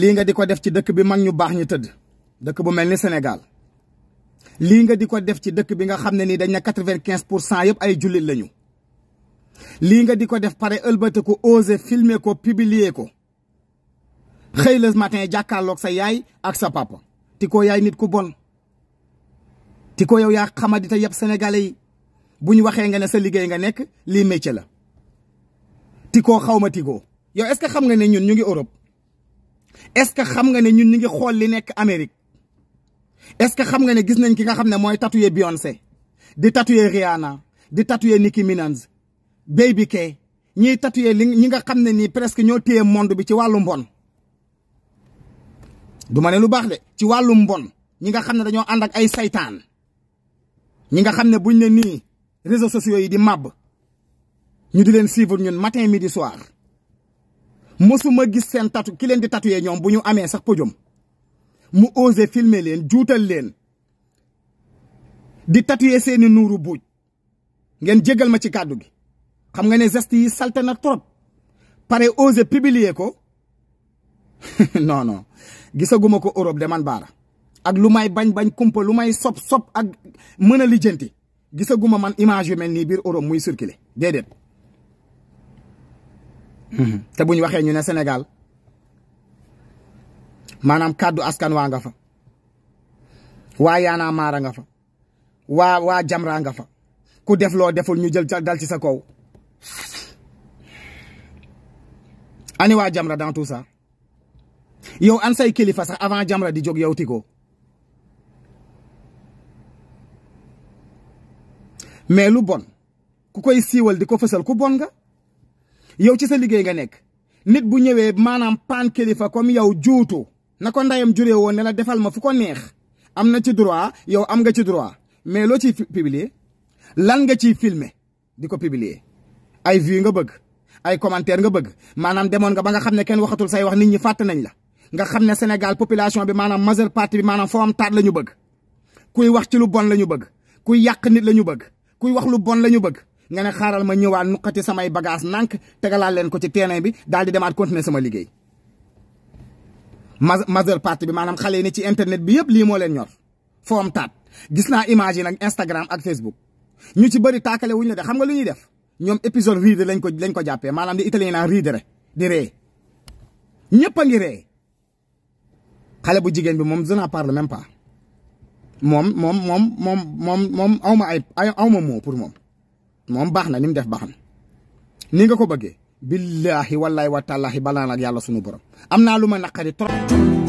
lii nga di ko def ci dëkk bi mag ñu baax ñu tëdd dëkk bu mel ni Sénégal lii nga di ko def ci dëkk bi nga xam ne nii dañ na quatre-vingt-quinze pour cent yëpp ay jullit lañu. lii nga di ko def pare ëlbate ko oser filmer ko publier ko xëy le matin jàkkaarloog sa yaay ak sa papa. ti ko yaay nit ku bon ti ko yow yaa xamadi te yëpp sénégalais yi bu ñu waxee nga ne sa liggéey nga nekk lii métier la ti ko xaw ma ti ko yow est-ce que xam nga ne ñun ñu ngi Europe. est-ce que xam nga ne ñun ñu ngi xool li nekk Amérique est-ce que xam nga ne gis nañ ki nga xam ne mooy tatoué Beyoncé di tatoué Rihanna di tatoué Nicki Minaj Baby K ñiy tatoué li ñi nga xam ne nii presque ñoo téye monde bi ci wàllu bon du ma ne lu baax de ci wàllu mbon ñi nga xam ne dañoo ànd ak ay saytaan ñi nga xam ne buñ ne nii réseaux sociaux yi di màbb ñu di leen suivre ñun matin midi soir mosuma gis seen tatu ki leen di tatuyee ñoom bu ñu amee sax podium mu osé filmer leen juutal leen di tatuyee seeni nuuru buuj ngeen jégal ma ci kàddu gi xam nga ne geste yi salte trop pare osé publier ko non non gisaguma ko Europe de man baara ak lu may bañ bañ kumpa lu may sop sop ak mën a lijjanti gisaguma man image yu mel nii biir Europe muy circuler déedéet. Mm-hmm. te bu ñu waxee ñu ne senegal maanaam kàddu askan waa nga fa waa yaanaa maara nga fa waa waa jamra nga fa ku def loo deful ñu jël dal ci sa kaw ani waa jamra dans tout yow an say kilifa sax avant jamra di jóg yow ko mais lu bon ku koy siiwal di ko fësal ku bon nga yow ci sa liggéey nga nekk nit bu ñëwee maanaam paan kilifa comme yow juutu na ko ndayam juree woon defal ma fu ko neex am na ci droit yow am nga ci droit mais loo ciy publier lan nga ciy filmer di ko publier ay vues nga bëgg ay commentaire nga bëgg maanaam demoon nga ba nga xam ne kenn waxatul say wax nit ñi fàtt nañ la nga xam ne Sénégal population bi maanaam majeure partie bi maanaam foo am taat la ñu bëgg kuy wax ci lu bon la ñu bëgg kuy yàq nit la ñu bëgg kuy wax lu bon la ñu bëgg nga ne xaaral ma ñëwaat nuqati samay bagage nànk tegalaal leen ko ci terrain bi daal di demaat continuer sama liggéey ma majeure partie bi maanaam xale yi ci internet bi yëpp lii moo leen ñor foom taat gis naa image yi nag Instagram ak Facebook ñu ci bëri taakale wuñ la de xam nga lu ñuy def ñoom épisode riide lañ ko lañ ko jàppee maanaam di italien naan riide rek di ree ñëpp a ngi ree xale bu jigéen bi moom je n'en parle même pas moom moom moom moom moom moom aw ay aw ma pour moom moom baax na ni mu def baax na ni nga ko bëggee billaahi wallaahi wa taalaahi balaa nag yàlla sunu borom am naa lu ma naqari trop